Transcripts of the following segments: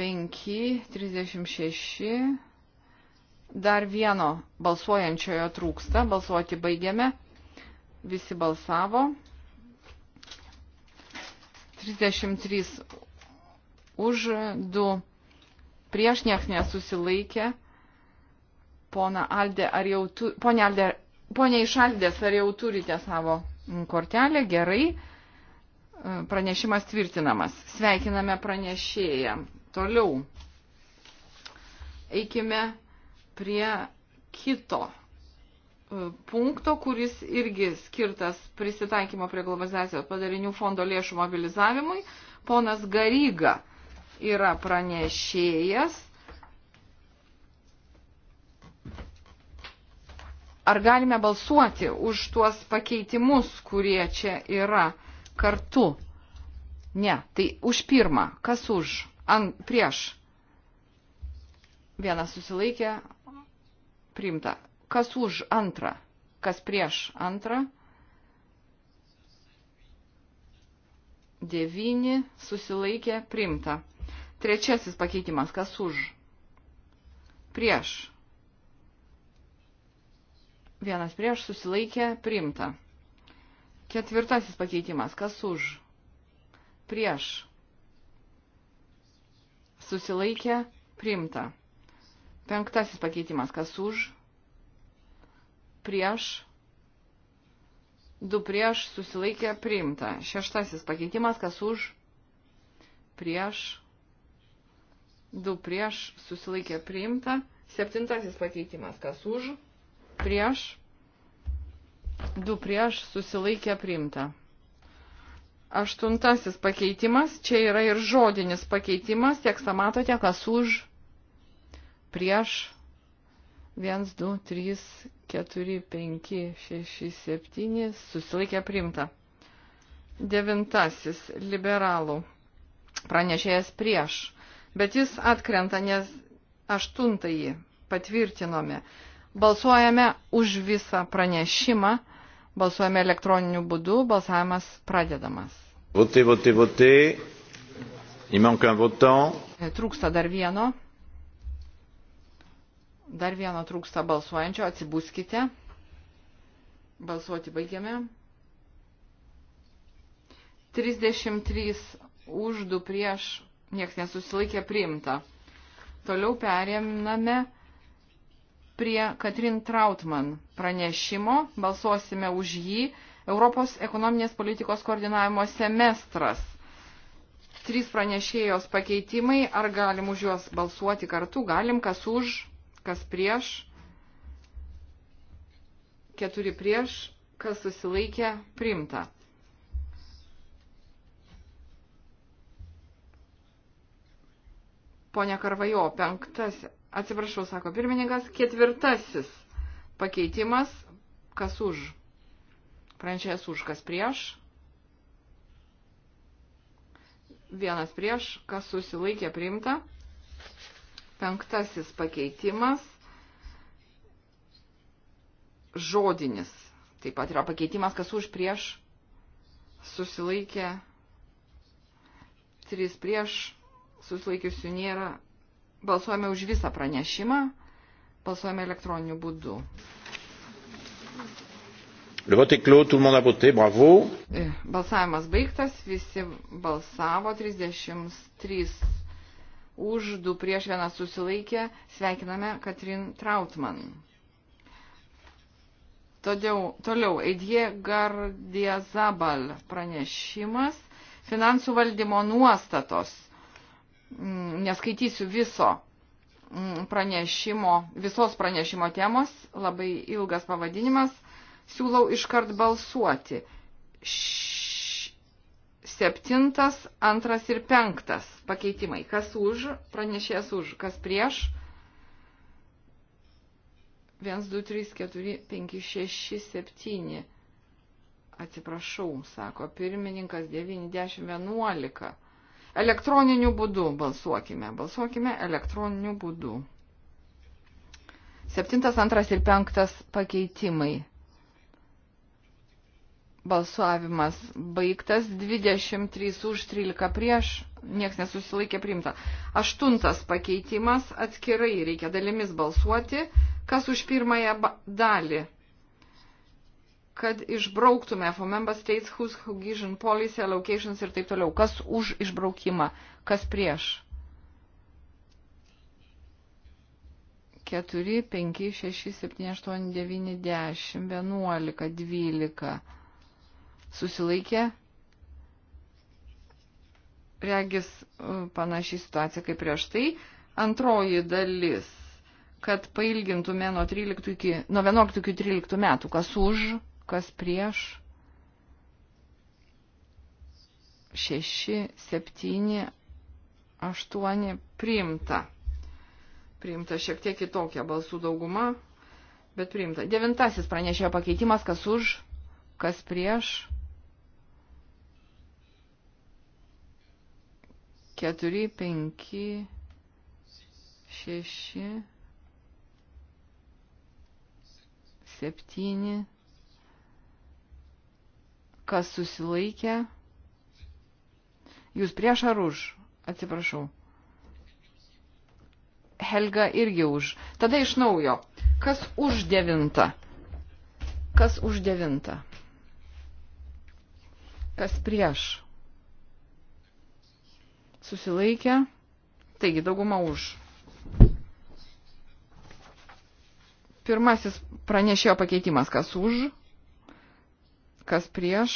35, 36. Dar vieno balsuojančiojo trūksta. Balsuoti baigiame. Visi balsavo. 33 už 2 prieš nieks nesusilaikė. Pona Aldė, ar jau tu, ponia Aldė, ponia Išaldės, ar jau turite savo kortelę? Gerai. Pranešimas tvirtinamas. Sveikiname pranešėją. Toliau. Eikime prie kito e, punkto, kuris irgi skirtas prisitaikymo prie globalizacijos padarinių fondo lėšų mobilizavimui. Ponas Garyga yra pranešėjas. Ar galime balsuoti už tuos pakeitimus, kurie čia yra kartu? Ne, tai už pirmą. Kas už? an, prieš. Vienas susilaikė, priimta. Kas už antrą, kas prieš antrą. Devyni susilaikė, priimta. Trečiasis pakeitimas, kas už, prieš. Vienas prieš susilaikė, priimta. Ketvirtasis pakeitimas, kas už, prieš susilaikė, priimta. Penktasis pakeitimas, kas už, prieš, du prieš, susilaikė, priimta. Šeštasis pakeitimas, kas už, prieš, du prieš, susilaikė, priimta. Septintasis pakeitimas, kas už, prieš, du prieš, susilaikė, priimta. Aštuntasis pakeitimas, čia yra ir žodinis pakeitimas, tekstą matote, kas už, prieš, 1, 2, 3, 4, 5, 6, 7, susilaikė primta. Devintasis, liberalų, pranešėjas prieš, bet jis atkrenta, nes aštuntąjį patvirtinome. Balsuojame už visą pranešimą Balsuojame elektroniniu būdu, balsavimas pradedamas. Votė, votė, votė. Įmanka votant. E, trūksta dar vieno. Dar vieno trūksta balsuojančio, atsibūskite. Balsuoti baigiame. 33 už, 2 prieš, niekas nesusilaikė priimta. Toliau perėmame prie Katrin Trautman pranešimo, balsuosime už jį, Europos ekonominės politikos koordinavimo semestras. Trys pranešėjos pakeitimai, ar galim už juos balsuoti kartu, galim, kas už, kas prieš, keturi prieš, kas susilaikė, primta. Pone Karvajo, penktas, Atsiprašau, sako pirmininkas, ketvirtasis pakeitimas, kas už. Pranešėjas už, kas prieš. Vienas prieš, kas susilaikė priimta. Penktasis pakeitimas. Žodinis. Taip pat yra pakeitimas, kas už prieš susilaikė. Trys prieš susilaikiusių nėra Balsuojame už visą pranešimą. Balsuojame elektroniniu būdu. Le vote est clos, tout le monde a voté, bravo. E, balsavimas baigtas, visi balsavo, 33 už, 2 prieš, 1 susilaikė. Sveikiname Katrin Trautman. Todėl, toliau, Eidie Gardiazabal pranešimas. Finansų valdymo nuostatos Mm, neskaitysiu viso mm, pranešimo, visos pranešimo temos, labai ilgas pavadinimas, siūlau iškart balsuoti. Š... Septintas, antras ir penktas pakeitimai. Kas už, pranešės už, kas prieš. 1, 2, 3, 4, 5, 6, 7. Atsiprašau, sako pirmininkas 9, 10, 11. Elektroniniu būdu balsuokime. Balsuokime elektroniniu būdu. Septintas, antras ir penktas pakeitimai. Balsuavimas baigtas. 23 už 13 prieš. Niekas nesusilaikė priimta. Aštuntas pakeitimas atskirai reikia dalimis balsuoti. Kas už pirmąją dalį? kad išbrauktume for member states whose cohesion policy allocations ir taip toliau. Kas už išbraukimą, kas prieš. 4, 5, 6, 7, 8, 9, 10, 11, 12. Susilaikė. Regis e, panašiai situacija kaip prieš tai. Antroji dalis, kad pailgintume nuo, 13 iki, nuo 11 iki 13 metų, kas už kas prieš. 6, 7, 8 priimta. Priimta šiek tiek kitokia balsų dauguma, bet priimta. Devintasis pranešėjo pakeitimas, kas už, kas prieš. Keturi, penki, šeši, septyni kas susilaikė. Jūs prieš ar už? Atsiprašau. Helga irgi už. Tada iš naujo. Kas už devintą? Kas už devintą? Kas prieš? Susilaikė. Taigi, dauguma už. Pirmasis pranešėjo pakeitimas. Kas už? kas prieš,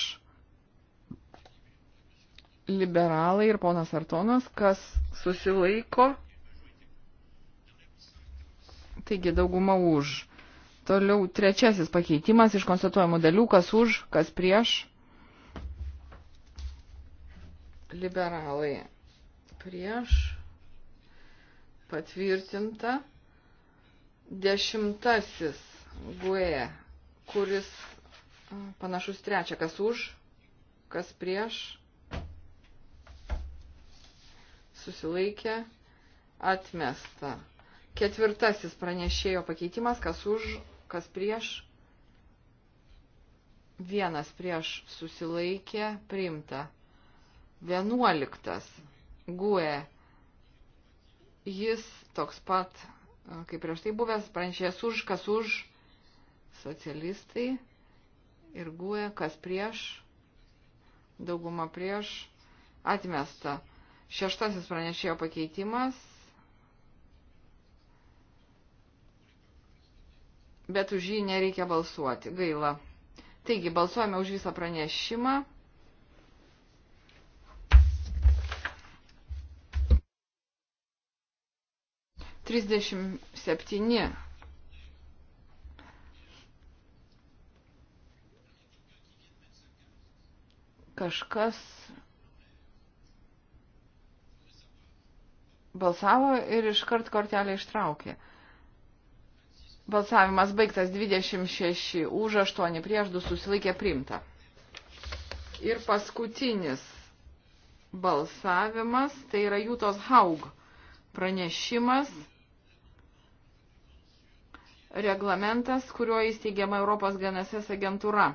liberalai ir ponas Artonas, kas susilaiko, taigi dauguma už. Toliau trečiasis pakeitimas iš konstatuojamų dalių, kas už, kas prieš. Liberalai prieš patvirtinta dešimtasis GUE, kuris panašus trečia, kas už, kas prieš, susilaikė, atmesta. Ketvirtasis pranešėjo pakeitimas, kas už, kas prieš, vienas prieš susilaikė, priimta. Vienuoliktas, guė, jis toks pat, kaip prieš tai buvęs, pranešėjas už, kas už, socialistai ir guė, kas prieš, dauguma prieš, atmesta. Šeštasis pranešėjo pakeitimas, bet už jį nereikia balsuoti, gaila. Taigi, balsuojame už visą pranešimą. Trisdešimt septyni kažkas balsavo ir iškart kortelę ištraukė. Balsavimas baigtas 26 už 8 prieš 2 susilaikė primta. Ir paskutinis balsavimas, tai yra Jūtos Haug pranešimas, reglamentas, kuriuo įsteigiama Europos GNSS agentūra.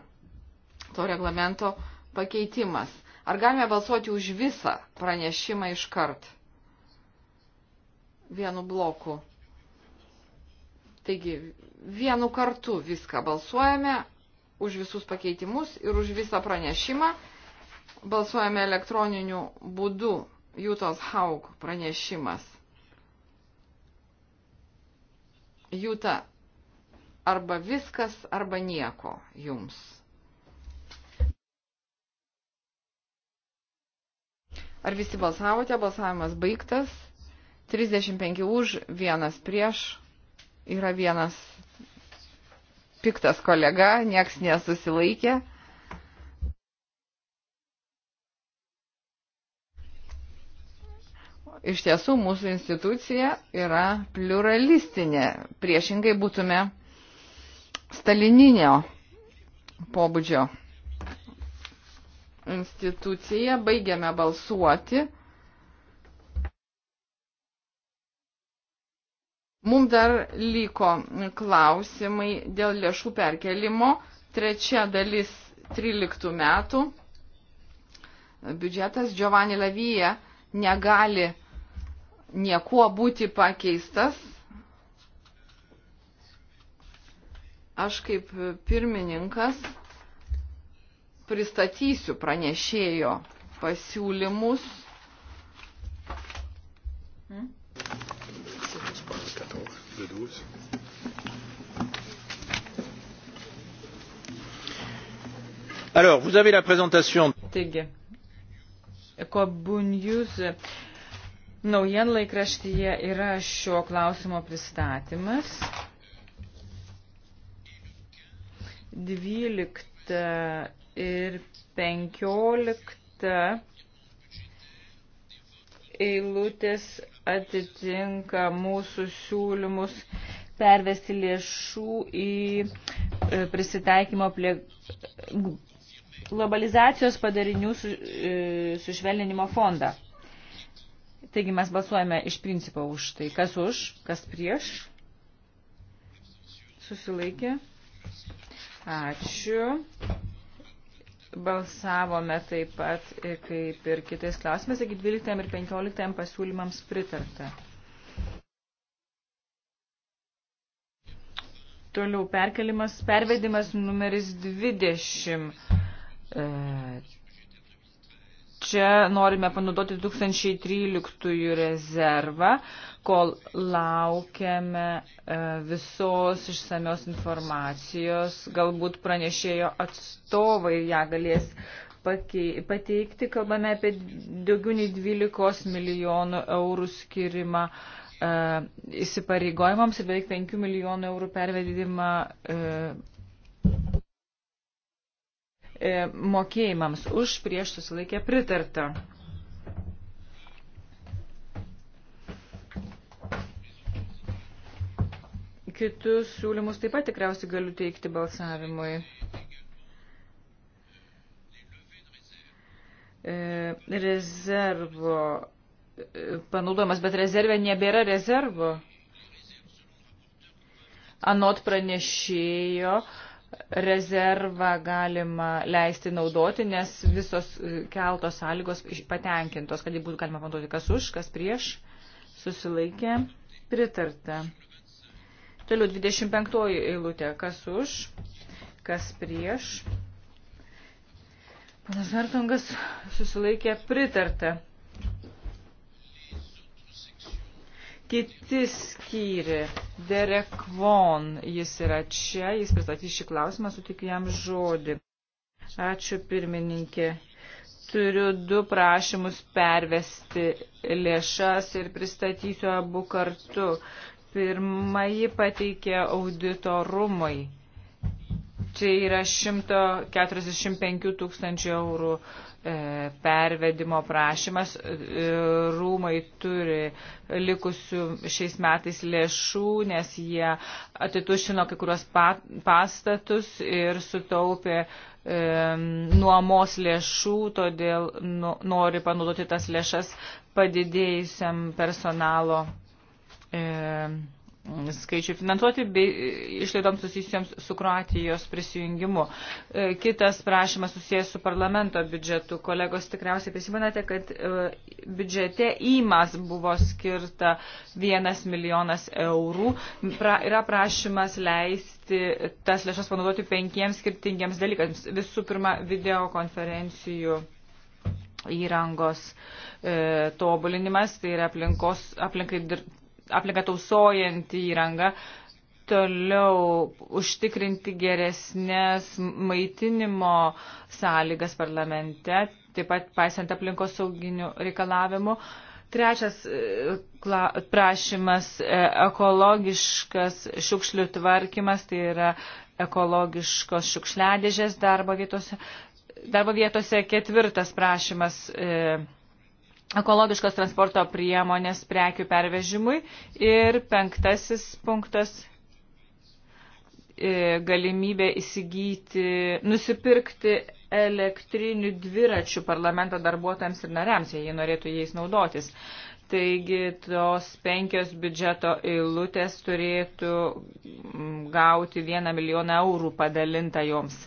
To reglamento pakeitimas. Ar galime balsuoti už visą pranešimą iš kart? Vienu bloku. Taigi, vienu kartu viską balsuojame už visus pakeitimus ir už visą pranešimą. Balsuojame elektroniniu būdu Jūtos Haug pranešimas. Jūta arba viskas, arba nieko jums. Ar visi balsavote? Balsavimas baigtas. 35 už, vienas prieš. Yra vienas piktas kolega, nieks nesusilaikė. Iš tiesų, mūsų institucija yra pluralistinė. Priešingai būtume stalininio pobūdžio instituciją. Baigiame balsuoti. Mums dar liko klausimai dėl lėšų perkelimo. Trečia dalis 13 metų. Biudžetas Giovanni Lavyje negali niekuo būti pakeistas. Aš kaip pirmininkas pristatysiu pranešėjo pasiūlymus. Hmm? Alors, vous avez la présentation. Taigi, Kobunjus naujienlaikraštyje yra šio klausimo pristatymas. 12 E, ir 15 eilutės atitinka mūsų siūlymus pervesti lėšų į e, prisitaikymo prie globalizacijos padarinių su, e, sušvelninimo fondą. Taigi mes balsuojame iš principo už tai, kas už, kas prieš. Susilaikė. Ačiū. Balsavome taip pat, kaip ir kitais klausimais, taigi 12 ir 15 pasiūlymams pritarta. Toliau perkelimas, pervedimas numeris 20. E, čia norime panaudoti 2013 rezervą, kol laukiame e, visos išsamios informacijos, galbūt pranešėjo atstovai ją galės pateikti, kalbame apie daugiau nei 12 milijonų eurų skirimą e, įsipareigojimams ir beveik 5 milijonų eurų pervedimą e, E, mokėjimams už prieš susilaikę pritarta. Kitus siūlymus taip pat tikriausiai galiu teikti balsavimui. E, rezervo e, panaudojimas, bet rezervė nebėra rezervo. Anot pranešėjo, uh, rezervą galima leisti naudoti, nes visos e, keltos sąlygos patenkintos, kad jį būtų galima naudoti kas už, kas prieš, susilaikė, pritarta. Toliau 25 eilutė, kas už, kas prieš. Panas Hartungas susilaikė pritarta. Kiti skyri, Derek Von, jis yra čia, jis pristatys šį klausimą, sutik jam žodį. Ačiū pirmininkė. Turiu du prašymus pervesti lėšas ir pristatysiu abu kartu. Pirmąjį pateikė auditorumai. Čia yra 145 tūkstančių eurų E, pervedimo prašymas. E, rūmai turi likusių šiais metais lėšų, nes jie atitušino kai kurios pastatus ir sutaupė e, nuomos lėšų, todėl nu, nori panaudoti tas lėšas padidėjusiam personalo skaičių finansuoti bei išlaidoms susijusiams su Kroatijos prisijungimu. E, kitas prašymas susijęs su parlamento biudžetu. Kolegos tikriausiai prisimenate, kad e, biudžete įmas buvo skirta vienas milijonas eurų. Pra, yra prašymas leisti tas lėšas panaudoti penkiems skirtingiems dalykams. Visų pirma, videokonferencijų įrangos e, tobulinimas, tai yra aplinkos, aplinkai dir, aplinką tausojantį įrangą, toliau užtikrinti geresnės maitinimo sąlygas parlamente, taip pat paisant aplinkos sauginių reikalavimų. Trečias e, prašymas e, - ekologiškas šiukšlių tvarkymas, tai yra ekologiškos šiukšliadėžės darbo vietose. Darbo vietose ketvirtas prašymas e, - ekologiškos transporto priemonės prekių pervežimui. Ir penktasis punktas e, galimybė įsigyti, nusipirkti elektrinių dviračių parlamento darbuotojams ir nariams, jei jie norėtų jais naudotis. Taigi tos penkios biudžeto eilutės turėtų gauti vieną milijoną eurų padalintą joms.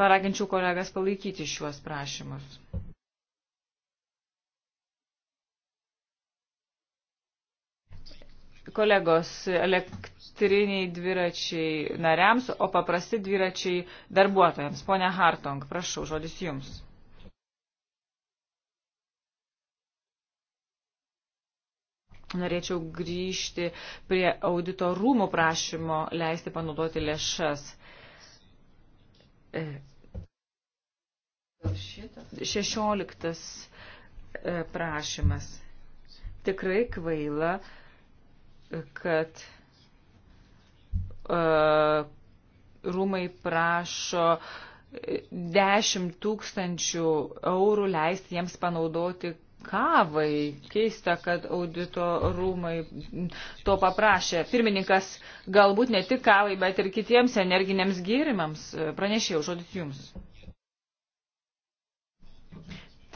Paraginčiau kolegas palaikyti šiuos prašymus. Kolegos, elektriniai dviračiai nariams, o paprasti dviračiai darbuotojams. Pone Hartong, prašau, žodis jums. norėčiau grįžti prie audito rūmų prašymo leisti panaudoti lėšas. Šešioliktas e, prašymas. Tikrai kvaila kad uh, rūmai prašo 10 tūkstančių eurų leisti jiems panaudoti kavai. Keista, kad audito rūmai to paprašė. Pirmininkas galbūt ne tik kavai, bet ir kitiems energiniams gyrimams. Pranešėjau, žodis jums.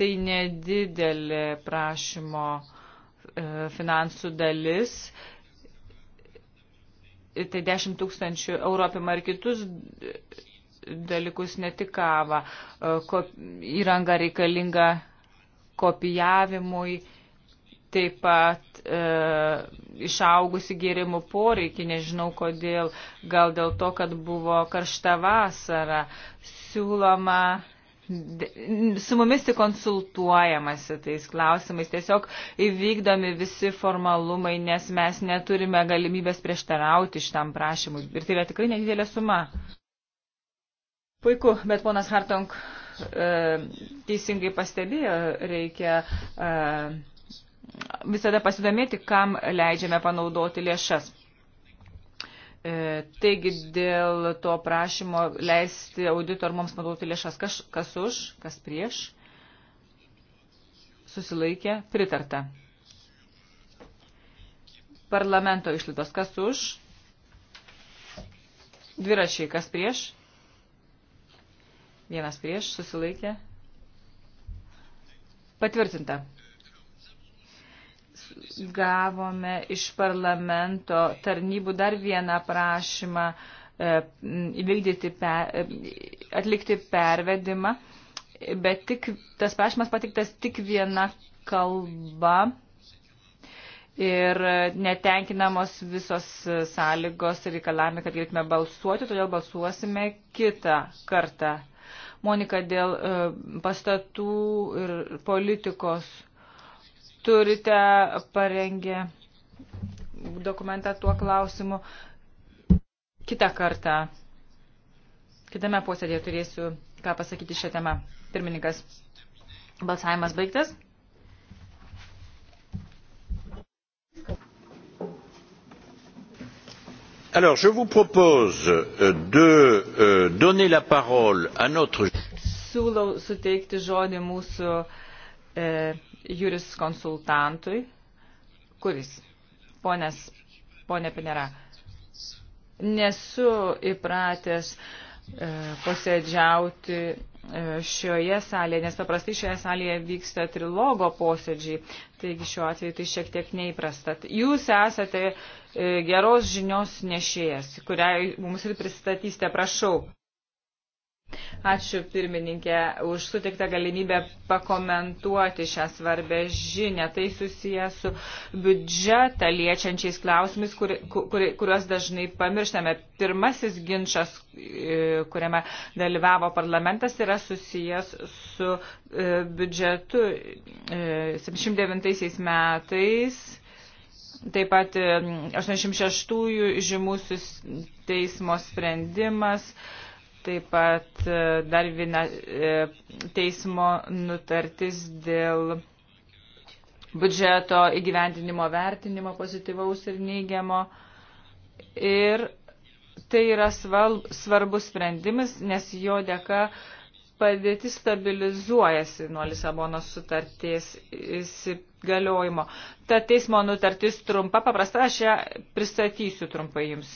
Tai nedidelė prašymo e, finansų dalis tai 10 tūkstančių eurų apima ir kitus dalykus, ne tik kavą, e, kop, įrangą reikalingą kopijavimui, taip pat e, išaugusi gėrimų poreikį, nežinau kodėl, gal dėl to, kad buvo karšta vasara, siūloma su mumis tik konsultuojamasi tais klausimais, tiesiog įvykdomi visi formalumai, nes mes neturime galimybės prieštarauti šitam prašymui. Ir tai yra tikrai nedidelė suma. Puiku, bet ponas Hartong e, teisingai pastebėjo, reikia. E, visada pasidomėti, kam leidžiame panaudoti lėšas. E, taigi dėl to prašymo leisti auditormams naudoti lėšas kas, kas už, kas prieš, susilaikė, pritarta. Parlamento išlaidos kas už, dviračiai kas prieš, vienas prieš, susilaikė, patvirtinta gavome iš parlamento tarnybų dar vieną prašymą e, įvykdyti, per, e, atlikti pervedimą, bet tik, tas prašymas patiktas tik viena kalba ir netenkinamos visos sąlygos ir reikalavimai, kad galėtume balsuoti, todėl balsuosime kitą kartą. Monika, dėl e, pastatų ir politikos turite parengę dokumentą tuo klausimu. Kitą kartą, kitame posėdėje turėsiu ką pasakyti šią temą. Pirmininkas, balsavimas baigtas. Alors, je vous propose euh, de euh, donner la parole à notre. Siūlau suteikti žodį mūsų e, juris konsultantui, kuris, ponės, ponė Pinera, nesu įpratęs e, posėdžiauti e, šioje salėje, nes paprastai šioje salėje vyksta trilogo posėdžiai, taigi šiuo atveju tai šiek tiek neįprasta. Jūs esate e, geros žinios nešėjas, kurią mums ir pristatysite, prašau. Ačiū pirmininkė už sutiktą galimybę pakomentuoti šią svarbę žinę. Tai susiję su biudžetą liečiančiais klausimais, kur, kur, kuriuos dažnai pamirštame. Pirmasis ginčas, e, kuriame dalyvavo parlamentas, yra susijęs su e, biudžetu 79 e, metais. Taip pat 86 žymusis teismo sprendimas. Taip pat e, dar viena e, teismo nutartis dėl biudžeto įgyvendinimo vertinimo pozityvaus ir neigiamo. Ir tai yra sval, svarbus sprendimas, nes jo dėka padėtis stabilizuojasi nuo Lisabonos sutarties įsigaliojimo. Ta teismo nutartis trumpa, paprasta, aš ją pristatysiu trumpai jums.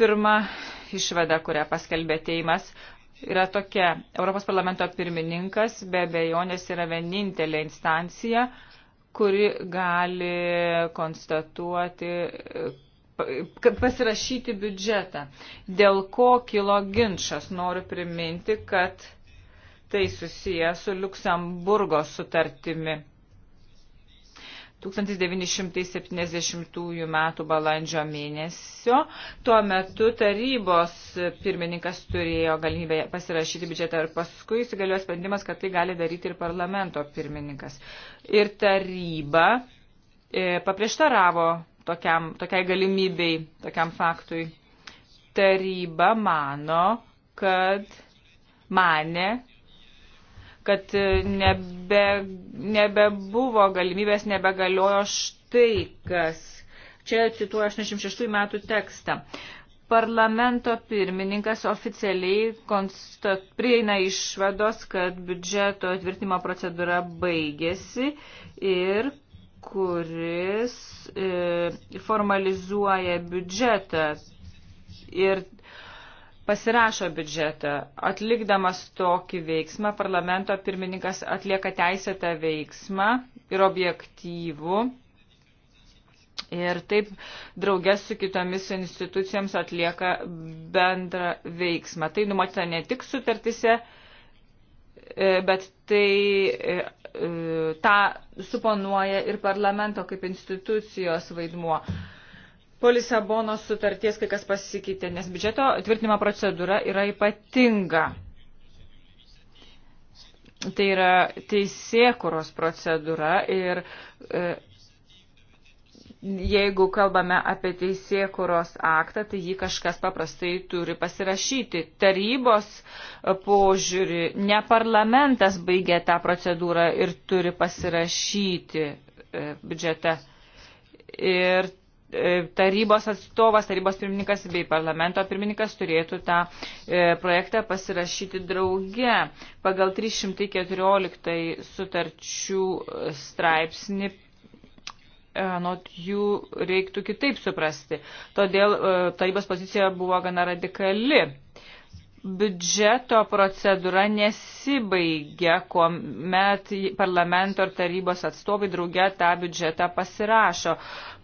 Pirma išvada, kurią paskelbė Teimas, yra tokia. Europos parlamento pirmininkas be bejonės yra vienintelė instancija, kuri gali konstatuoti, pasirašyti biudžetą. Dėl ko kilo ginčas, noriu priminti, kad tai susiję su Luksemburgo sutartimi. 1970 m. balandžio mėnesio. Tuo metu tarybos pirmininkas turėjo galimybę pasirašyti biudžetą ir paskui įsigaliojo sprendimas, kad tai gali daryti ir parlamento pirmininkas. Ir taryba e, paprieštaravo tokiam, tokiai galimybei, tokiam faktui. Taryba mano, kad mane, kad e, nebe, nebebuvo galimybės, nebegaliojo štai kas. Čia cituoju 86 metų tekstą. Parlamento pirmininkas oficialiai konstat, prieina išvados, kad biudžeto tvirtimo procedūra baigėsi ir kuris e, formalizuoja biudžetą ir pasirašo biudžetą. Atlikdamas tokį veiksmą, parlamento pirmininkas atlieka teisėtą veiksmą ir objektyvų. Ir taip draugės su kitomis institucijoms atlieka bendrą veiksmą. Tai numatyta ne tik sutartise, e, bet tai e, e, tą suponuoja ir parlamento kaip institucijos vaidmuo po Lisabonos sutarties kai kas pasikeitė, nes biudžeto tvirtinimo procedūra yra ypatinga. Tai yra teisėkuros procedūra ir e, jeigu kalbame apie teisėkuros aktą, tai jį kažkas paprastai turi pasirašyti. Tarybos e, požiūrį, ne parlamentas baigė tą procedūrą ir turi pasirašyti e, biudžete. Ir E, tarybos atstovas, tarybos pirmininkas bei parlamento pirmininkas turėtų tą e, projektą pasirašyti drauge. Pagal 314 sutarčių e, straipsnį anot jų reiktų kitaip suprasti. Todėl tarybos pozicija buvo gana radikali. Biudžeto procedūra nesibaigia, kuomet parlamento ir tarybos atstovai drauge tą biudžetą pasirašo.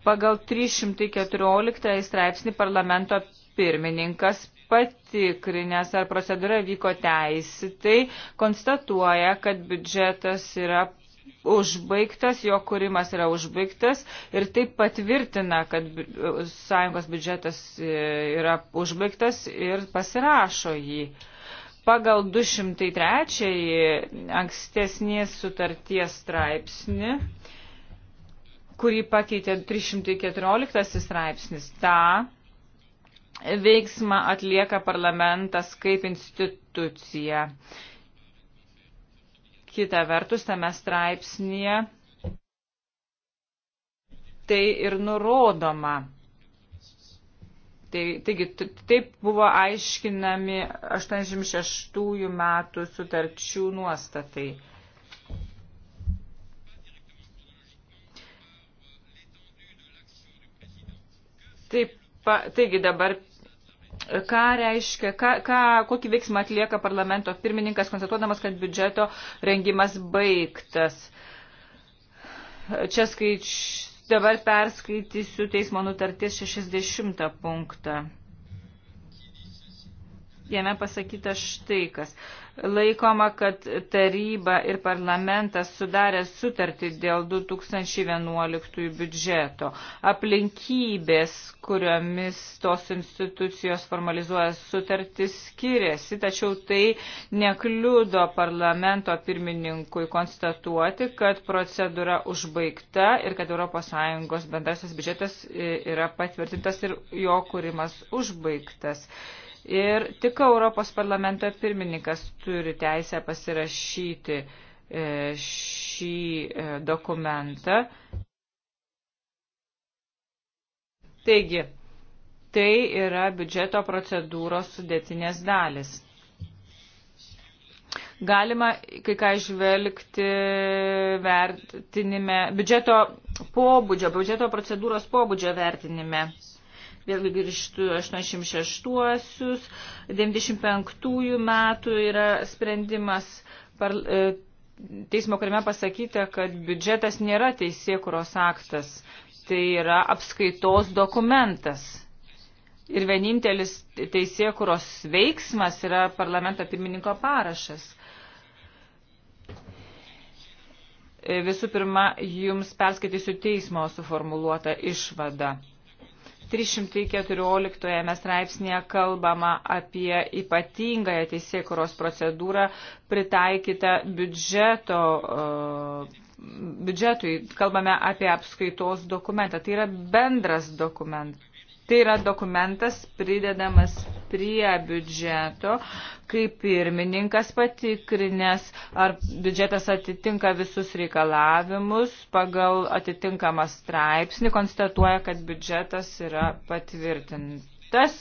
Pagal 314 straipsnį parlamento pirmininkas patikrinęs, ar procedūra vyko teisitai, konstatuoja, kad biudžetas yra užbaigtas, jo kūrimas yra užbaigtas ir taip patvirtina, kad sąjungos biudžetas e, yra užbaigtas ir pasirašo jį. Pagal 203 ankstesnės sutarties straipsnį kurį pakeitė 314 straipsnis. Ta veiksmą atlieka parlamentas kaip institucija. Kita vertus, tame straipsnėje tai ir nurodoma. Tai, taigi, taip buvo aiškinami 86 metų sutarčių nuostatai. Taip, pa, taigi dabar ką reiškia, ką, ką, kokį veiksmą atlieka parlamento pirmininkas, konstatuodamas, kad biudžeto rengimas baigtas. Čia skaič, dabar perskaitysiu teismo nutarties 60 punktą. Jame pasakyta štai kas laikoma, kad taryba ir parlamentas sudarė sutartį dėl 2011 biudžeto. Aplinkybės, kuriomis tos institucijos formalizuoja sutartį, skiriasi, tačiau tai nekliudo parlamento pirmininkui konstatuoti, kad procedūra užbaigta ir kad ES bendrasis biudžetas e, yra patvirtintas ir jo kūrimas užbaigtas ir tik Europos parlamento pirmininkas turi teisę pasirašyti e, šį e, dokumentą. Taigi, tai yra biudžeto procedūros sudėtinės dalis. Galima kai ką išvelgti vertinime, biudžeto pobūdžio, biudžeto procedūros pobūdžio vertinime vėlgi grįžtų 86-uosius, 95-ųjų metų yra sprendimas. Par, e, Teismo karime pasakyta, kad biudžetas nėra teisėkuros aktas, tai yra apskaitos dokumentas. Ir vienintelis teisėkuros veiksmas yra parlamento pirmininko parašas. E, visų pirma, jums perskaitysiu teismo suformuluotą išvadą. 314 straipsnėje kalbama apie ypatingąją teisėkuros procedūrą pritaikytą biudžeto, e, biudžetui. Kalbame apie apskaitos dokumentą. Tai yra bendras dokumentas Tai yra dokumentas pridedamas prie biudžeto, kaip pirmininkas patikrinės, ar biudžetas atitinka visus reikalavimus, pagal atitinkamą straipsnį konstatuoja, kad biudžetas yra patvirtintas.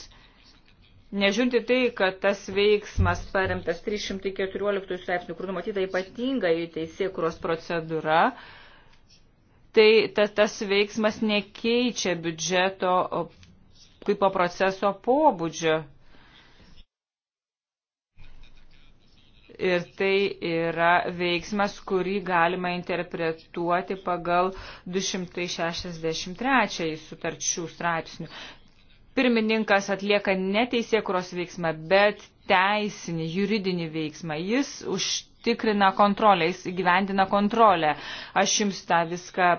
Nežiūrinti tai, kad tas veiksmas paremtas 314 straipsnių, kur numatyta ypatinga į teisėkuros procedūra, tai ta, tas veiksmas nekeičia biudžeto tipo proceso pobūdžio. Ir tai yra veiksmas, kurį galima interpretuoti pagal 263 sutarčių straipsnių. Pirmininkas atlieka ne teisėkuros veiksmą, bet teisinį, juridinį veiksmą. Jis užtikrina kontrolę, jis įgyvendina kontrolę. Aš jums tą viską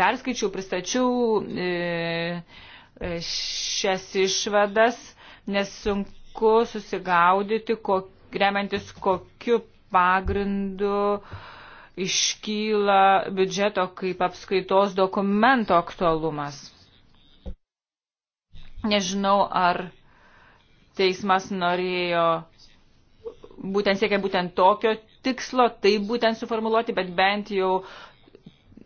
perskaičiau, pristačiau. E, E, šias išvadas, nes sunku susigaudyti, kok, remiantis kokiu pagrindu iškyla biudžeto kaip apskaitos dokumento aktualumas. Nežinau, ar teismas norėjo būtent siekia būtent tokio tikslo, tai būtent suformuluoti, bet bent jau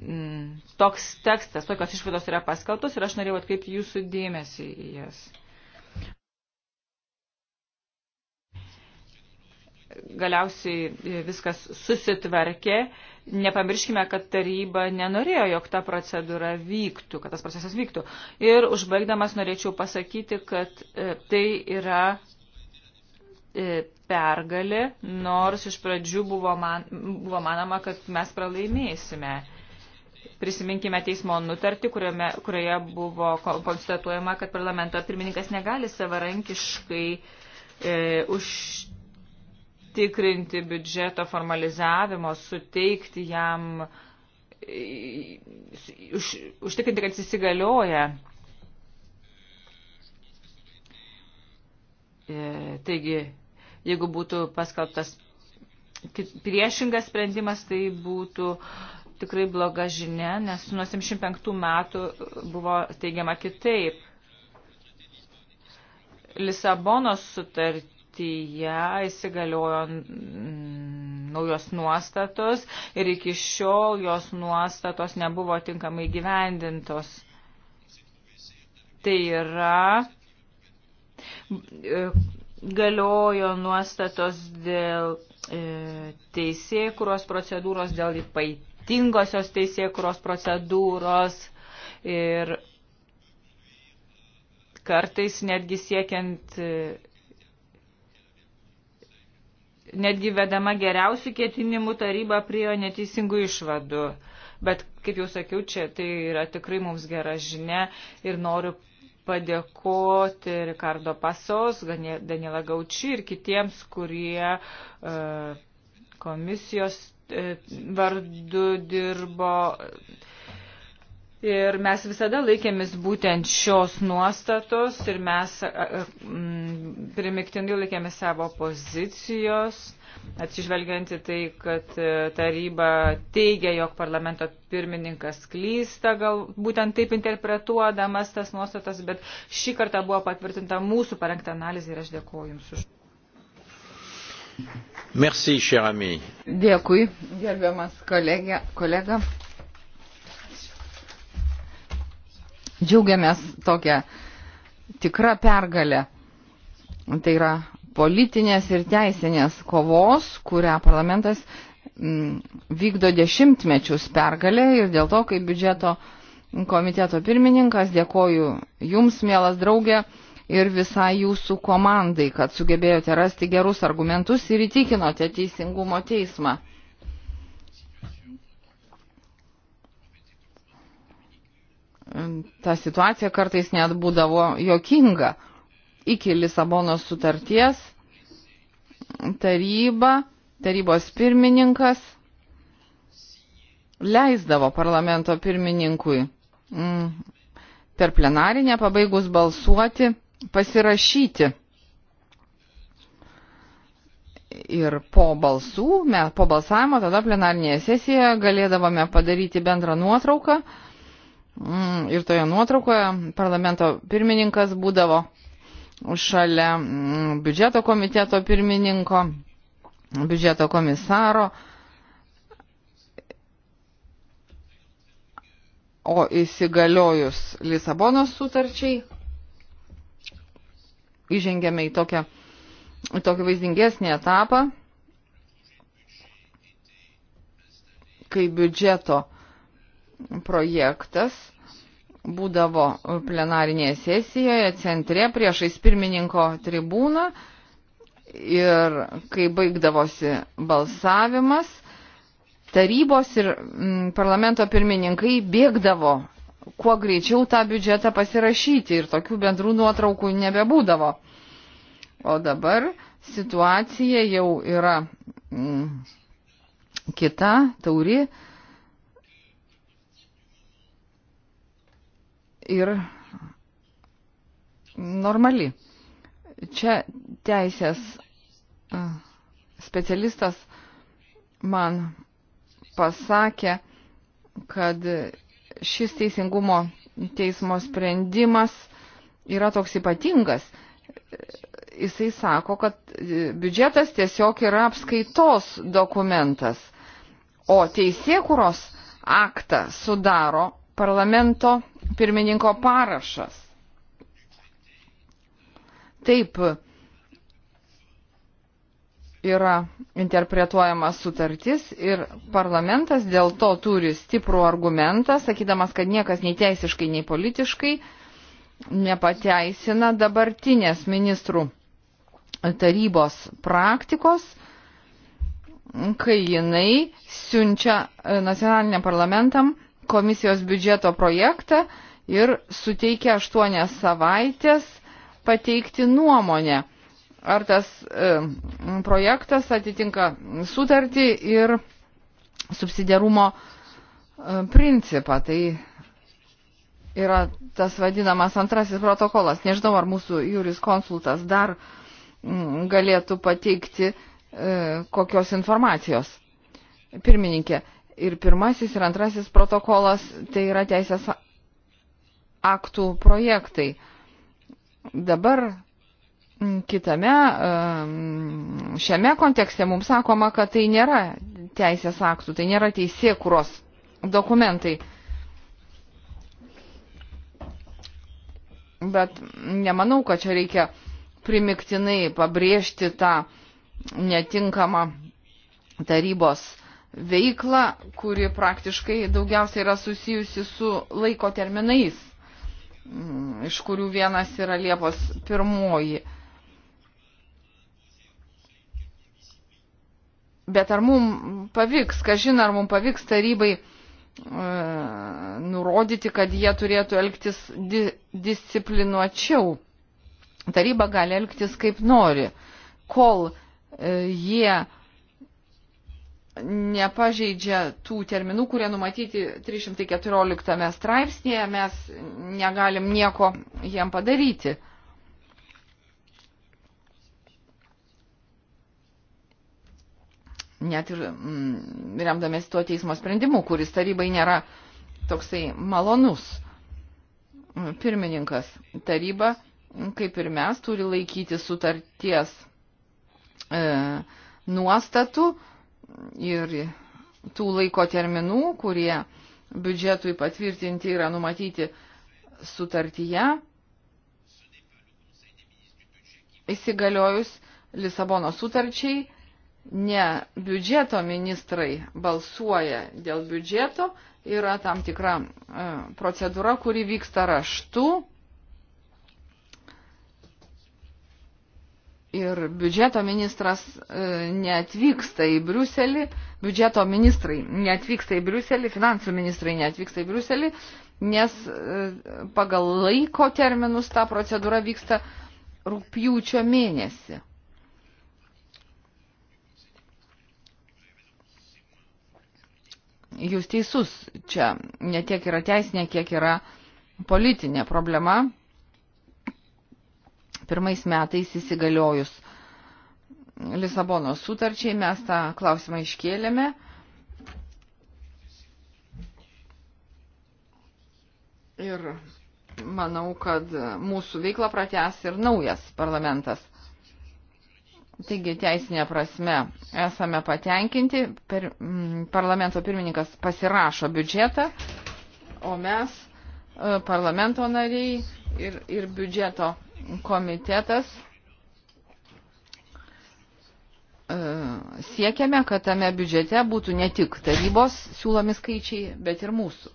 Mm, toks tekstas, tokios išvados yra paskaltos ir aš norėjau atkreipti jūsų dėmesį į jas. Galiausiai viskas susitvarkė. Nepamirškime, kad taryba nenorėjo, jog ta procedūra vyktų, kad tas procesas vyktų. Ir užbaigdamas norėčiau pasakyti, kad e, tai yra e, pergalė, nors iš pradžių buvo, man, buvo manama, kad mes pralaimėsime. Prisiminkime teismo nutartį, kuriame, kurioje buvo konstatuojama, kad parlamento pirmininkas negali savarankiškai e, užtikrinti biudžeto formalizavimo, suteikti jam, e, už, užtikrinti, kad jis įsigalioja. E, taigi, jeigu būtų paskaltas priešingas sprendimas, tai būtų e, tikrai bloga žinia, nes nuo 75 metų buvo teigiama kitaip. Lisabonos sutartyje įsigaliojo naujos nuostatos ir iki šiol jos nuostatos nebuvo tinkamai gyvendintos. Tai yra e, galiojo nuostatos dėl e, teisėkuros procedūros dėl įpait sudėtingosios teisėkuros procedūros ir kartais netgi siekiant netgi vedama geriausių ketinimų taryba priejo neteisingų išvadų. Bet, kaip jau sakiau, čia tai yra tikrai mums gera žinia ir noriu padėkoti Ricardo Pasos, Daniela Gauči ir kitiems, kurie uh, komisijos vardu dirbo. Ir mes visada laikėmės būtent šios nuostatos ir mes primiktinai laikėmės savo pozicijos, atsižvelgianti tai, kad e, taryba teigia, jog parlamento pirmininkas klysta, gal būtent taip interpretuodamas tas nuostatas, bet šį kartą buvo patvirtinta mūsų parengta analizė ir aš dėkuoju Jums už. Merci, cher ami. Dėkui, gerbiamas kolegė, kolega. Džiaugiamės tokią tikrą pergalę. Tai yra politinės ir teisinės kovos, kurią parlamentas mm, vykdo dešimtmečius pergalę ir dėl to, kaip biudžeto komiteto pirmininkas, dėkoju Jums, mielas draugė, ir visai jūsų komandai, kad sugebėjote rasti gerus argumentus ir įtikinote teisingumo teismą. Ta situacija kartais net būdavo jokinga. Iki Lisabonos sutarties taryba, tarybos pirmininkas leisdavo parlamento pirmininkui mm, per plenarinę pabaigus balsuoti pasirašyti. Ir po balsų, po balsavimo tada plenarnėje sesijoje galėdavome padaryti bendrą nuotrauką. Mm, ir toje nuotraukoje parlamento pirmininkas būdavo šalia mm, biudžeto komiteto pirmininko, biudžeto komisaro. O įsigaliojus Lisabonos sutarčiai įžengėme į tokią, į tokį vaizdingesnį etapą, kai biudžeto projektas būdavo plenarinėje sesijoje centre priešais pirmininko tribūną ir kai baigdavosi balsavimas, tarybos ir mm, parlamento pirmininkai bėgdavo kuo greičiau tą biudžetą pasirašyti ir tokių bendrų nuotraukų nebebūdavo. O dabar situacija jau yra mm, kita, tauri. Ir normali. Čia teisės mm, specialistas man pasakė, kad šis teisingumo teismo sprendimas yra toks ypatingas. Jisai sako, kad biudžetas tiesiog yra apskaitos dokumentas, o teisėkuros aktą sudaro parlamento pirmininko parašas. Taip, yra interpretuojama sutartis ir parlamentas dėl to turi stiprų argumentą, sakydamas, kad niekas nei teisiškai, nei politiškai nepateisina dabartinės ministrų tarybos praktikos, kai jinai siunčia nacionaliniam parlamentam komisijos biudžeto projektą ir suteikia aštuonias savaitės pateikti nuomonę ar tas e, projektas atitinka sutartį ir subsidiarumo e, principą. Tai yra tas vadinamas antrasis protokolas. Nežinau, ar mūsų jūris konsultas dar galėtų pateikti e, kokios informacijos. Pirmininkė, ir pirmasis ir antrasis protokolas tai yra teisės aktų projektai. Dabar Mm, kitame, mm, šiame kontekste mums sakoma, kad tai nėra teisės aktų, tai nėra teisėkuros dokumentai. Bet nemanau, kad čia reikia primiktinai pabrėžti tą netinkamą tarybos veiklą, kuri praktiškai daugiausiai yra susijusi su laiko terminais, mm, iš kurių vienas yra Liepos pirmoji. Bet ar mums pavyks, kažin ar mums pavyks tarybai e, nurodyti, kad jie turėtų elgtis di, disciplinuočiau. Taryba gali elgtis kaip nori, kol e, jie nepažeidžia tų terminų, kurie numatyti 314 straipsnėje, mes negalim nieko jiem padaryti. net ir mm, remdamės tuo teismo sprendimu, kuris tarybai nėra toksai malonus. Pirmininkas taryba, kaip ir mes, turi laikyti sutarties e, nuostatų ir tų laiko terminų, kurie biudžetui patvirtinti yra numatyti sutartyje, įsigaliojus Lisabono sutarčiai ne biudžeto ministrai balsuoja dėl biudžeto, yra tam tikra e, procedūra, kuri vyksta raštu. Ir biudžeto ministras e, neatvyksta į Briuselį, biudžeto ministrai neatvyksta į Briuselį, finansų ministrai neatvyksta į Briuselį, nes e, pagal laiko terminus ta procedūra vyksta rūpjūčio mėnesį. jūs teisus, čia ne tiek yra teisinė, kiek yra politinė problema. Pirmais metais įsigaliojus Lisabonos sutarčiai mes tą klausimą iškėlėme. Ir manau, kad mūsų veiklą pratęs ir naujas parlamentas. Taigi teisinė prasme esame patenkinti, per, m, mm, parlamento pirmininkas pasirašo biudžetą, o mes, e, parlamento nariai ir, ir biudžeto komitetas, e, siekiame, kad tame biudžete būtų ne tik tarybos siūlomi skaičiai, bet ir mūsų.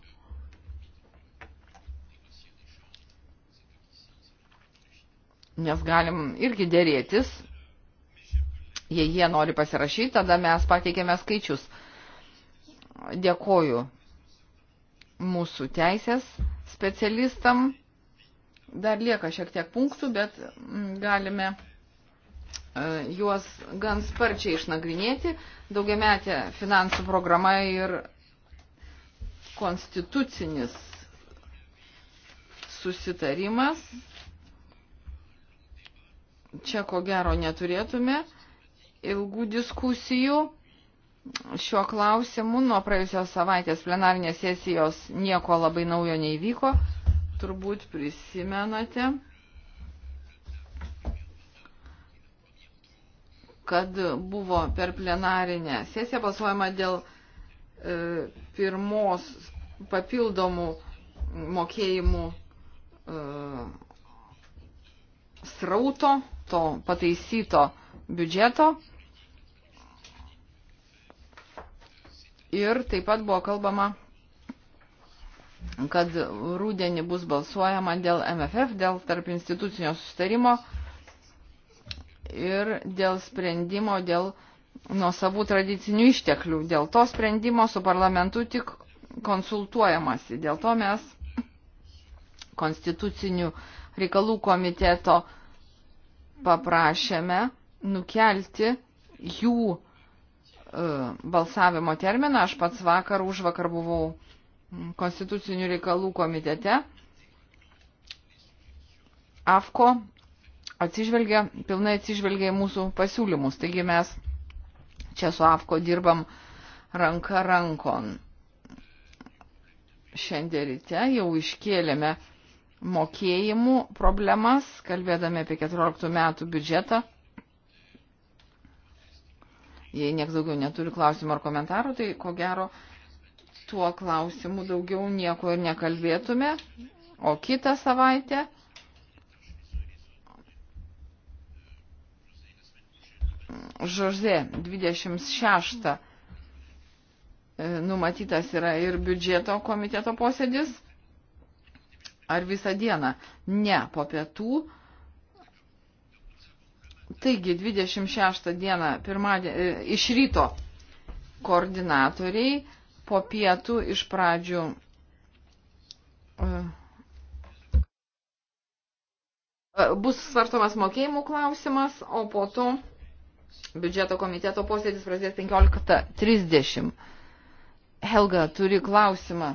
Nes galim irgi dėrėtis Jei jie nori pasirašyti, tada mes pateikėme skaičius. Dėkoju mūsų teisės specialistam. Dar lieka šiek tiek punktų, bet mm, galime e, juos gan sparčiai išnagrinėti. Daugiametė finansų programa ir konstitucinis susitarimas. Čia ko gero neturėtume ilgų diskusijų šiuo klausimu. Nuo praėjusios savaitės plenarinės sesijos nieko labai naujo neįvyko. Turbūt prisimenate, kad buvo per plenarinę sesiją balsuojama dėl e, pirmos papildomų mokėjimų e, srauto, to pataisyto e, biudžeto. Ir taip pat buvo kalbama, kad rūdienį bus balsuojama dėl MFF, dėl tarp institucinio sustarimo ir dėl sprendimo dėl nuo savų tradicinių išteklių. Dėl to sprendimo su parlamentu tik konsultuojamasi. Dėl to mes konstitucinių reikalų komiteto paprašėme nukelti jų e, balsavimo terminą. Aš pats vakar už vakar buvau mm, konstitucinių reikalų komitete. AFKO atsižvelgia, pilnai atsižvelgia į mūsų pasiūlymus. Taigi mes čia su AFKO dirbam ranka rankon. Šiandien ryte jau iškėlėme mokėjimų problemas, kalbėdami apie 14 metų biudžetą Jei niekas daugiau neturi klausimų ar komentarų, tai ko gero tuo klausimu daugiau nieko ir nekalbėtume. O kitą savaitę. Žoze 26 e, numatytas yra ir biudžeto komiteto posėdis. Ar visą dieną? Ne, po pietų Taigi 26 dieną pirmadien, e, iš ryto koordinatoriai, po pietų iš pradžių e, e, bus svartomas mokėjimų klausimas, o po to biudžeto komiteto posėdis prasidės 15.30. Helga turi klausimą.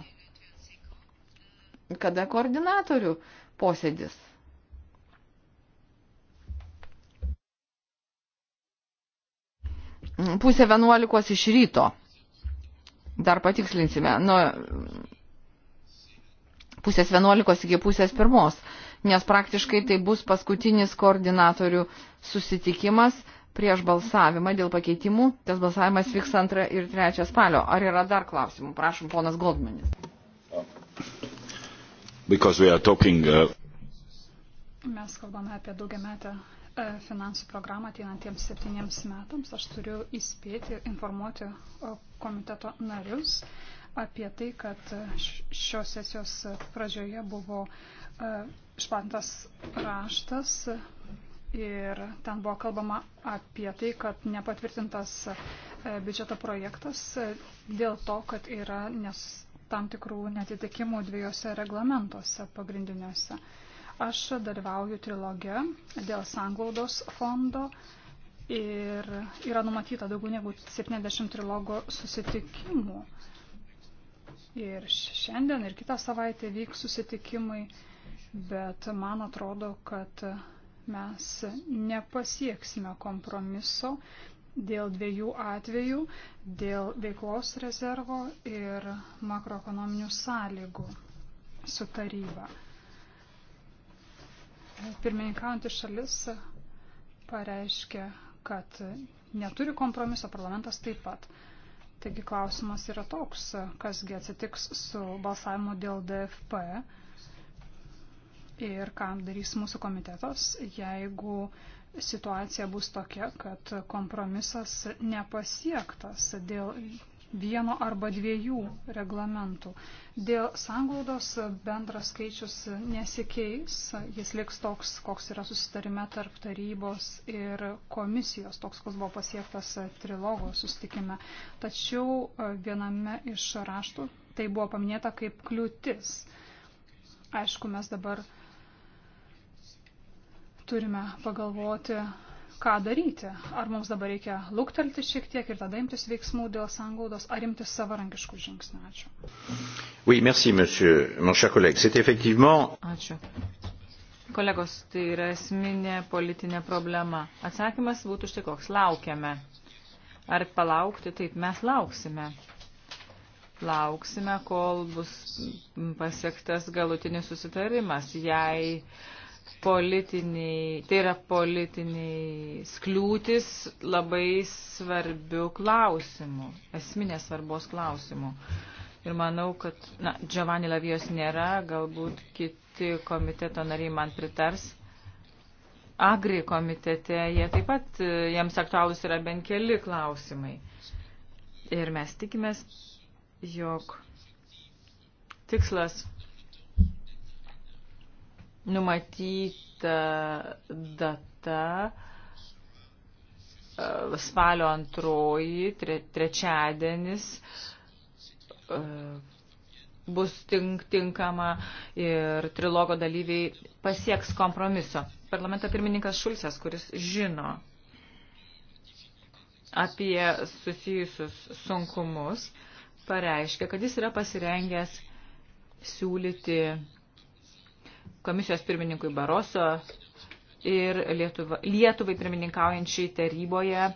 Kada koordinatorių posėdis? pusė vienuolikos iš ryto. Dar patikslinsime. Nuo pusės vienuolikos iki pusės pirmos, nes praktiškai tai bus paskutinis koordinatorių susitikimas prieš balsavimą dėl pakeitimų. Tas balsavimas vyks antrą ir trečią spalio. Ar yra dar klausimų? Prašom, ponas Goldmanis. Talking, uh... Mes kalbame apie daugiametę E, finansų programą ateinantiems septyniems metams. Aš turiu įspėti ir informuoti e, komiteto narius apie tai, kad e, šios sesijos pradžioje buvo išpantas raštas ir ten buvo kalbama apie tai, kad nepatvirtintas biudžeto projektas dėl to, kad yra nes tam tikrų netitikimų dviejose reglamentuose pagrindiniuose. Aš dalyvauju trilogė dėl sanglaudos fondo ir yra numatyta daugiau negu 70 trilogo susitikimų. Ir šiandien ir kitą savaitę vyks susitikimai, bet man atrodo, kad mes nepasieksime kompromiso dėl dviejų atvejų, dėl veiklos rezervo ir makroekonominių sąlygų su taryba pirmininkaujantis šalis pareiškė, kad neturi kompromiso, parlamentas taip pat. Taigi klausimas yra toks, kasgi atsitiks su balsavimu dėl DFP ir kam darys mūsų komitetas, jeigu situacija bus tokia, kad kompromisas nepasiektas dėl vieno arba dviejų reglamentų. Dėl sanglaudos bendras skaičius nesikeis, jis liks toks, koks yra susitarime tarp tarybos ir komisijos, toks, koks buvo pasiektas trilogo sustikime. Tačiau e, viename iš raštų tai buvo paminėta kaip kliūtis. Aišku, mes dabar turime pagalvoti ką daryti. Ar mums dabar reikia luktelti šiek tiek ir tada imtis veiksmų dėl sangaudos, ar imtis savarankiškų žingsnių? Ačiū. Oui, merci, monsieur, mon cher collègue. C'est effectivement. Ačiū. Kolegos, tai yra esminė politinė problema. Atsakymas būtų štai koks. Laukiame. Ar palaukti? Taip, mes lauksime. Lauksime, kol bus pasiektas galutinis susitarimas. Jei uh, politiniai, tai yra politiniai skliūtis labai svarbių klausimų, esminės svarbos klausimų. Ir manau, kad na, Giovanni Lavijos nėra, galbūt kiti komiteto nariai man pritars. Agri komitete jie taip pat, jiems aktualūs yra bent keli klausimai. Ir mes tikimės, jog tikslas numatyta data e, spalio antroji, tre, trečiadienis e, bus tink, tinkama ir trilogo dalyviai pasieks kompromiso. Parlamento pirmininkas Šulcės, kuris žino apie susijusius sunkumus, pareiškia, kad jis yra pasirengęs siūlyti komisijos pirmininkui Baroso ir Lietuva, Lietuvai pirmininkaujančiai taryboje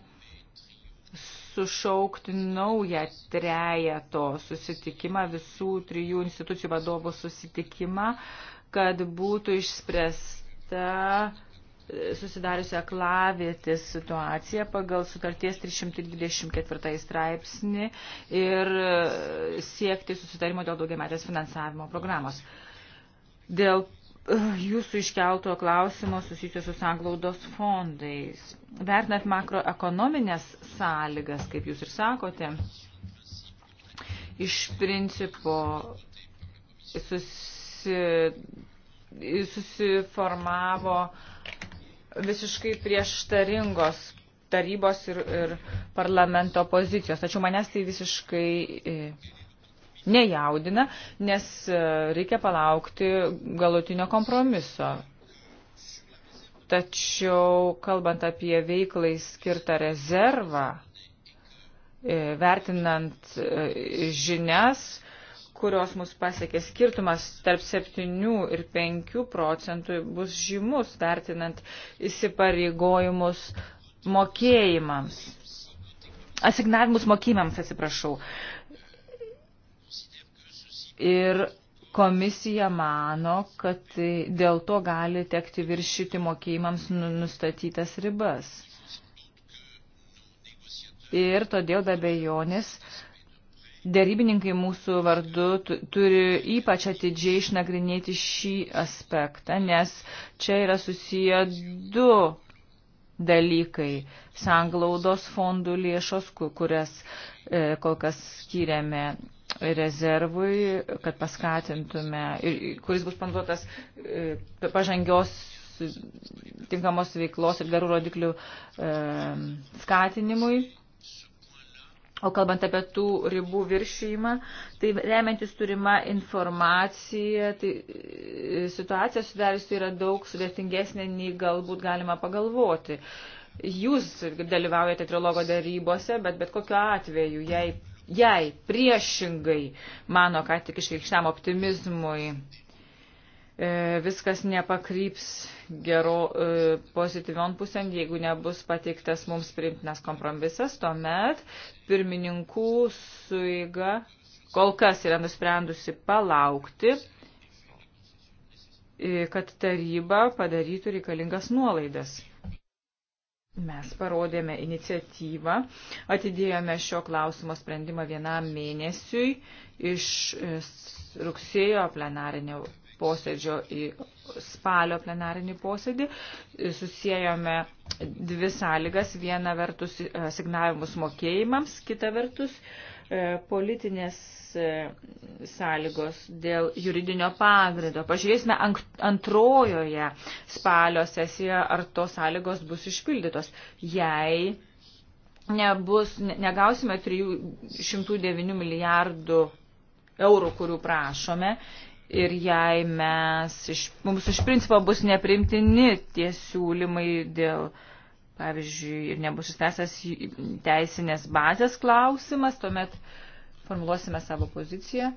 sušaukti naują trejeto susitikimą, visų trijų institucijų vadovų susitikimą, kad būtų išspręsta e, susidariusią klavietį situaciją pagal sutarties 324 straipsnį ir e, siekti susitarimo dėl daugiametės finansavimo programos. Dėl jūsų iškelto klausimo susijusio su sanglaudos fondais. Vertinant makroekonominės sąlygas, kaip jūs ir sakote, iš principo susi, susiformavo visiškai prieštaringos tarybos ir, ir parlamento pozicijos. Tačiau manęs tai visiškai e, nejaudina, nes e, reikia palaukti galutinio kompromiso. Tačiau, kalbant apie veiklai skirtą rezervą, e, vertinant e, žinias, kurios mus pasiekė skirtumas tarp 7 ir 5 procentų bus žymus, vertinant įsipareigojimus mokėjimams. Asignavimus mokymams, atsiprašau ir komisija mano, kad tai dėl to gali tekti viršyti mokėjimams nu, nustatytas ribas. Ir todėl be abejonės dėrybininkai mūsų vardu turi ypač atidžiai išnagrinėti šį aspektą, nes čia yra susiję du dalykai - sanglaudos fondų lėšos, kurias e, kol kas skiriame rezervui, kad paskatintume, kuris bus panduotas e, pažangios tinkamos veiklos ir gerų rodiklių e, skatinimui. O kalbant apie tų ribų viršymą, tai remiantis turima informacija, tai e, situacija sudariusi tai yra daug sudėtingesnė, nei galbūt galima pagalvoti. Jūs dalyvaujate trilogo darybose, bet bet kokiu atveju, jei jai priešingai mano, ką tik išreikštam optimizmui, e, viskas nepakryps gero e, pozityvion pusėn, jeigu nebus pateiktas mums priimtinas kompromisas, tuomet pirmininkų suiga kol kas yra nusprendusi palaukti, e, kad taryba padarytų reikalingas nuolaidas. Mes parodėme iniciatyvą, atidėjome šio klausimo sprendimą vienam mėnesiui iš e, rugsėjo plenarinio posėdžio į spalio plenarinį posėdį. E, susijėjome dvi sąlygas, viena vertus e, signavimus mokėjimams, kita vertus uh, E, politinės e, sąlygos dėl juridinio pagrindo. Pažiūrėsime antrojoje spalio sesijoje, ar tos sąlygos bus išpildytos. Jei nebus, negausime 309 milijardų eurų, kurių prašome, ir jei mes, iš, mums iš principo bus neprimtini tie siūlymai dėl uh, pavyzdžiui, ir nebus išspręstas teisinės bazės klausimas, tuomet formuluosime savo poziciją.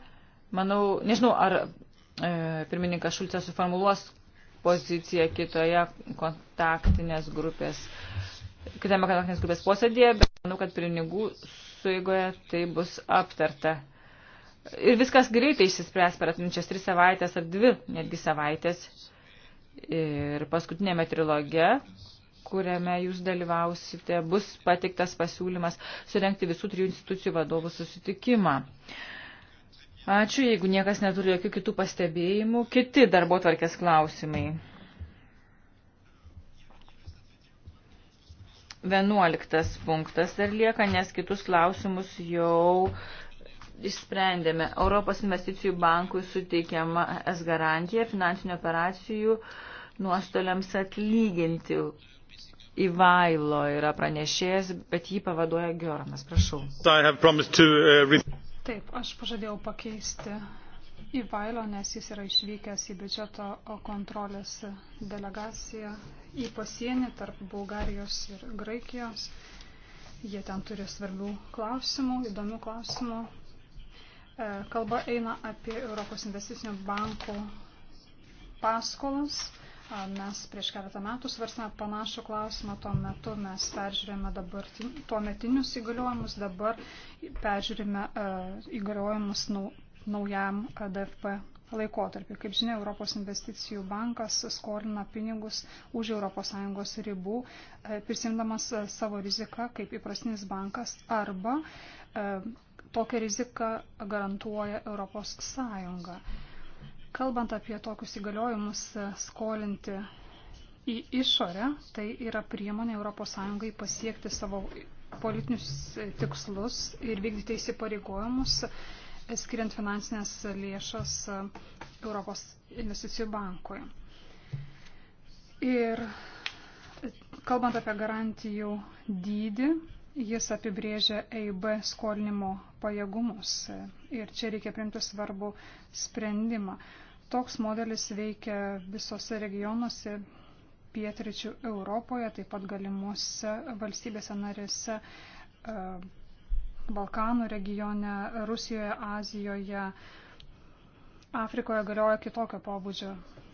Manau, nežinau, ar e, pirmininkas Šulcė suformuluos poziciją kitoje kontaktinės grupės, kitame kontaktinės grupės posėdėje, bet manau, kad pirmininkų suigoje tai bus aptarta. Ir viskas greitai išsispręs per atminčias tris savaitės ar dvi netgi savaitės. Ir paskutinėme triloge, kuriame jūs dalyvausite, bus patiktas pasiūlymas surenkti visų trijų institucijų vadovų susitikimą. Ačiū, jeigu niekas neturi jokių kitų pastebėjimų. Kiti darbo tvarkės klausimai. 11 punktas dar lieka, nes kitus klausimus jau išsprendėme. Europos investicijų bankui suteikiama es garantija finansinių operacijų nuostoliams atlyginti. Ivailo yra pranešėjas, bet jį pavaduoja Gioranas. Prašau. Uh, Taip, aš pažadėjau pakeisti Ivailo, nes jis yra išvykęs į biudžeto kontrolės delegaciją į pasienį tarp Bulgarijos ir Graikijos. Jie ten turi svarbių klausimų, įdomių klausimų. E, kalba eina apie Europos investicinio banko paskolas Mes prieš keletą metų svarstame panašų klausimą, tuo metu mes peržiūrėjome dabar tuo metinius įgaliojimus, dabar peržiūrime e, įgaliojimus naujam DFP laikotarpį. Kaip žinia, Europos investicijų bankas skolina pinigus už ES ribų, e, prisimdamas e, savo riziką kaip įprastinis bankas arba tokią riziką garantuoja ES. Kalbant apie tokius įgaliojimus e, skolinti į išorę, tai yra priemonė ES pasiekti savo politinius e, tikslus ir vykdyti įsipareigojimus, e, skiriant finansinės lėšas Europos investicijų bankui. Ir kalbant apie garantijų dydį, jis apibrėžia EIB skolinimo pajėgumus. Ir čia reikia priimti svarbų sprendimą. Toks modelis veikia visose regionuose pietričių Europoje, taip pat galimuose valstybėse narėse, e, Balkanų regione, Rusijoje, Azijoje, Afrikoje galioja kitokio pobūdžio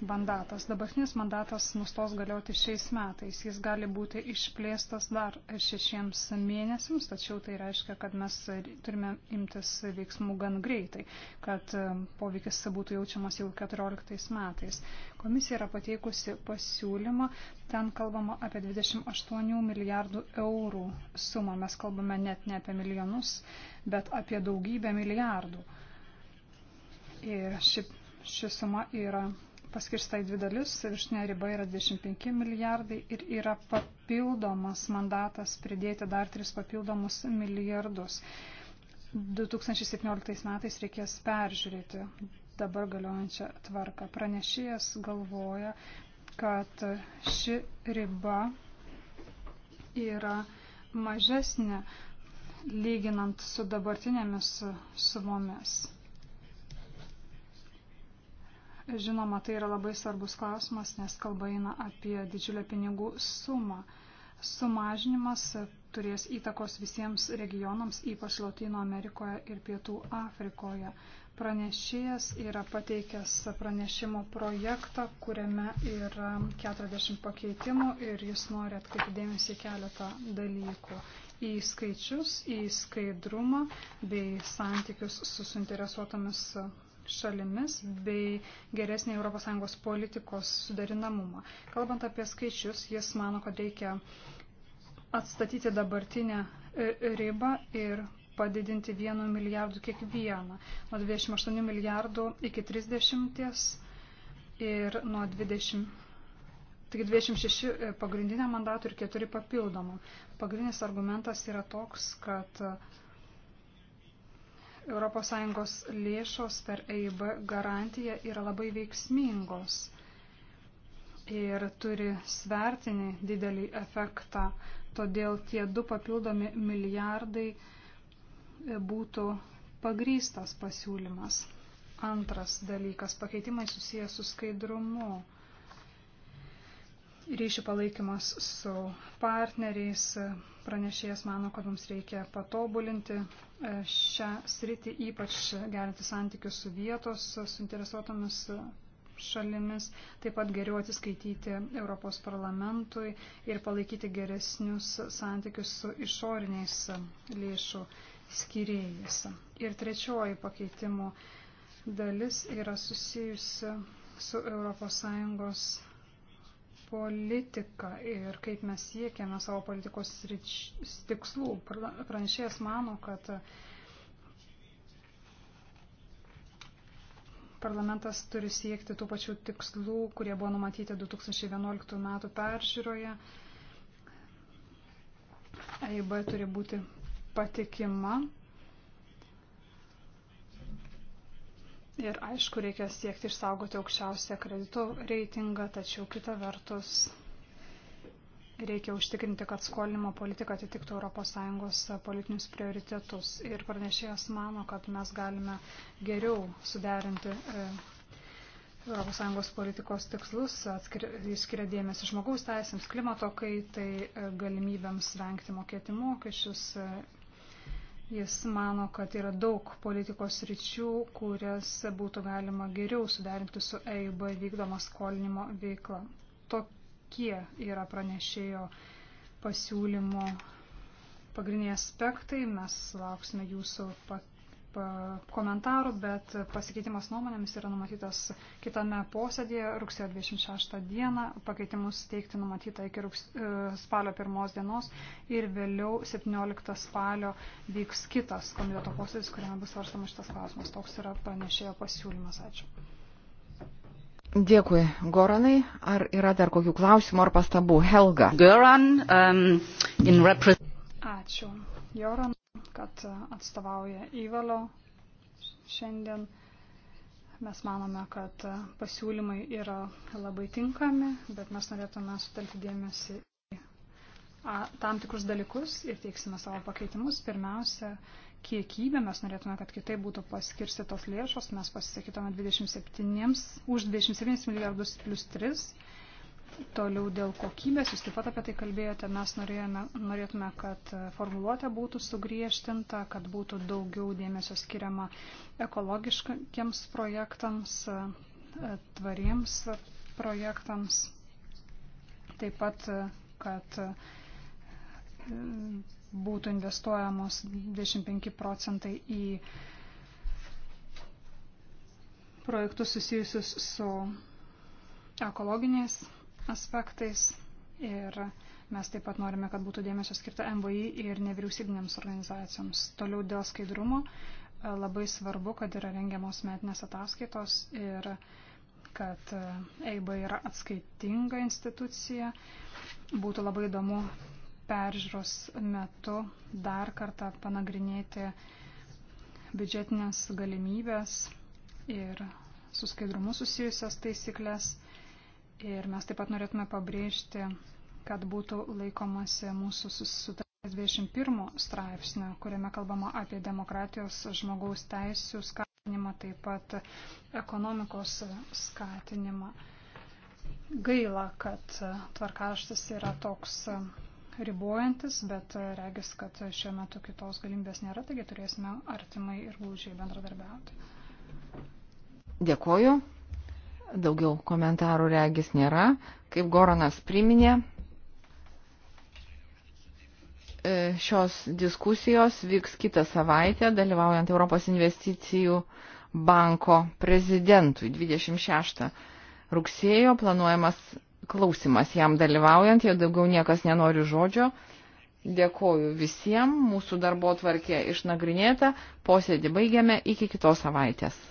mandatas. Dabartinis mandatas nustos galioti šiais metais. Jis gali būti išplėstas dar šešiems mėnesiams, tačiau tai reiškia, kad mes turime imtis veiksmų gan greitai, kad poveikis būtų jaučiamas jau 14 metais. Komisija yra pateikusi pasiūlymą, ten kalbama apie 28 milijardų eurų sumą. Mes kalbame net ne apie milijonus, bet apie daugybę milijardų. Ir ši, ši suma yra paskirsta į dvi dalis, viršinė riba yra 25 milijardai ir yra papildomas mandatas pridėti dar tris papildomus milijardus. 2017 metais reikės peržiūrėti dabar galiojančią tvarką. Pranešėjas galvoja, kad ši riba yra mažesnė lyginant su dabartinėmis sumomis. Žinoma, tai yra labai svarbus klausimas, nes kalba eina apie didžiulę pinigų sumą. Sumažinimas turės įtakos visiems regionams, ypač Latino Amerikoje ir Pietų Afrikoje. Pranešėjas yra pateikęs pranešimo projektą, kuriame yra 40 pakeitimų ir jis nori atkreipti dėmesį keletą dalykų į skaičius, į skaidrumą bei santykius su suinteresuotomis šalimis bei geresnį ES politikos sudarinamumą. Kalbant apie skaičius, jis mano, kad reikia atstatyti dabartinę e, ribą ir padidinti 1 milijardų kiekvieną, nuo 28 milijardų iki 30 ir nuo 20. Tik 26 e, pagrindinė mandatų ir 4 papildomų. Pagrindinis argumentas yra toks, kad uh, ES lėšos per EIB garantiją yra labai veiksmingos ir turi svertinį didelį efektą. Todėl tie du papildomi milijardai būtų pagrystas pasiūlymas. Antras dalykas - pakeitimai susijęs su skaidrumu ryšių palaikymas su partneriais. Pranešėjas mano, kad mums reikia patobulinti e, šią sritį, ypač gerinti santykius su vietos, su interesuotomis šalimis, taip pat geriau atsiskaityti Europos parlamentui ir palaikyti geresnius santykius su išoriniais lėšų skirėjais. Ir trečioji pakeitimo dalis yra susijusi su ES politiką ir kaip mes siekiame savo politikos tikslų. Pranešėjas mano, kad parlamentas turi siekti tų pačių tikslų, kurie buvo numatyti 2011 metų peržiūroje. EIB turi būti patikima Ir aišku, reikia siekti išsaugoti aukščiausią kredito reitingą, tačiau kita vertus reikia užtikrinti, kad skolinimo politika atitiktų ES politinius prioritetus. Ir pranešėjas mano, kad mes galime geriau suderinti ES politikos tikslus, išskiria dėmesį žmogaus teisėms, klimato kaitai, e, galimybėms vengti mokėti mokesčius, e, Jis mano, kad yra daug politikos ryčių, kurias būtų galima geriau suderinti su EIB vykdoma skolinimo veikla. Tokie yra pranešėjo pasiūlymo pagrindiniai aspektai. Mes lauksime jūsų pat E, komentarų, bet pasikeitimas nuomonėmis yra numatytas kitame posėdėje rugsėjo 26 dieną, pakeitimus teikti numatyta iki rugs, e, spalio 1 dienos ir vėliau 17 spalio vyks kitas komiteto posėdis, kuriame bus svarstama šitas klausimas. Toks yra pranešėjo pasiūlymas. Ačiū. Dėkui, Goranai. Ar yra dar kokių klausimų ar pastabų? Helga. Goran, um, in represent... Ačiū. Joran kad atstovauja įvalio šiandien. Mes manome, kad pasiūlymai yra labai tinkami, bet mes norėtume sutelkti dėmesį į tam tikrus dalykus ir teiksime savo pakeitimus. Pirmiausia, kiekybę, mes norėtume, kad kitaip būtų paskirstytos lėšos, mes pasisakytume 27, už 27 milijardus plus 3 Toliau dėl kokybės, jūs taip pat apie tai kalbėjote, mes norėjome, norėtume, kad formuluotė būtų sugriežtinta, kad būtų daugiau dėmesio skiriama ekologiškiams projektams, tvariems projektams. Taip pat, kad būtų investuojamos 25 procentai į projektus susijusius su ekologinės aspektais ir mes taip pat norime, kad būtų dėmesio skirta MVI ir nevyriausybinėms organizacijoms. Toliau dėl skaidrumo e, labai svarbu, kad yra rengiamos metinės ataskaitos ir kad EIB yra atskaitinga institucija. Būtų labai įdomu peržiūros metu dar kartą panagrinėti biudžetinės galimybės ir su skaidrumu susijusias taisyklės. Ir mes taip pat norėtume pabrėžti, kad būtų laikomasi mūsų sutarties 21 straipsnio, kuriame kalbama apie demokratijos žmogaus teisų skatinimą, taip pat ekonomikos skatinimą. Gaila, kad tvarkaraštis yra toks ribojantis, bet regis, kad šiuo metu kitos galimybės nėra, taigi turėsime artimai ir glūžiai bendradarbiauti. Dėkoju. Daugiau komentarų regis nėra. Kaip Goranas priminė, e, šios diskusijos vyks kitą savaitę, dalyvaujant Europos investicijų banko prezidentui 26 rugsėjo planuojamas klausimas jam dalyvaujant, jau daugiau niekas nenori žodžio. Dėkoju visiems, mūsų darbo tvarkė išnagrinėta, posėdį baigiame iki kitos savaitės.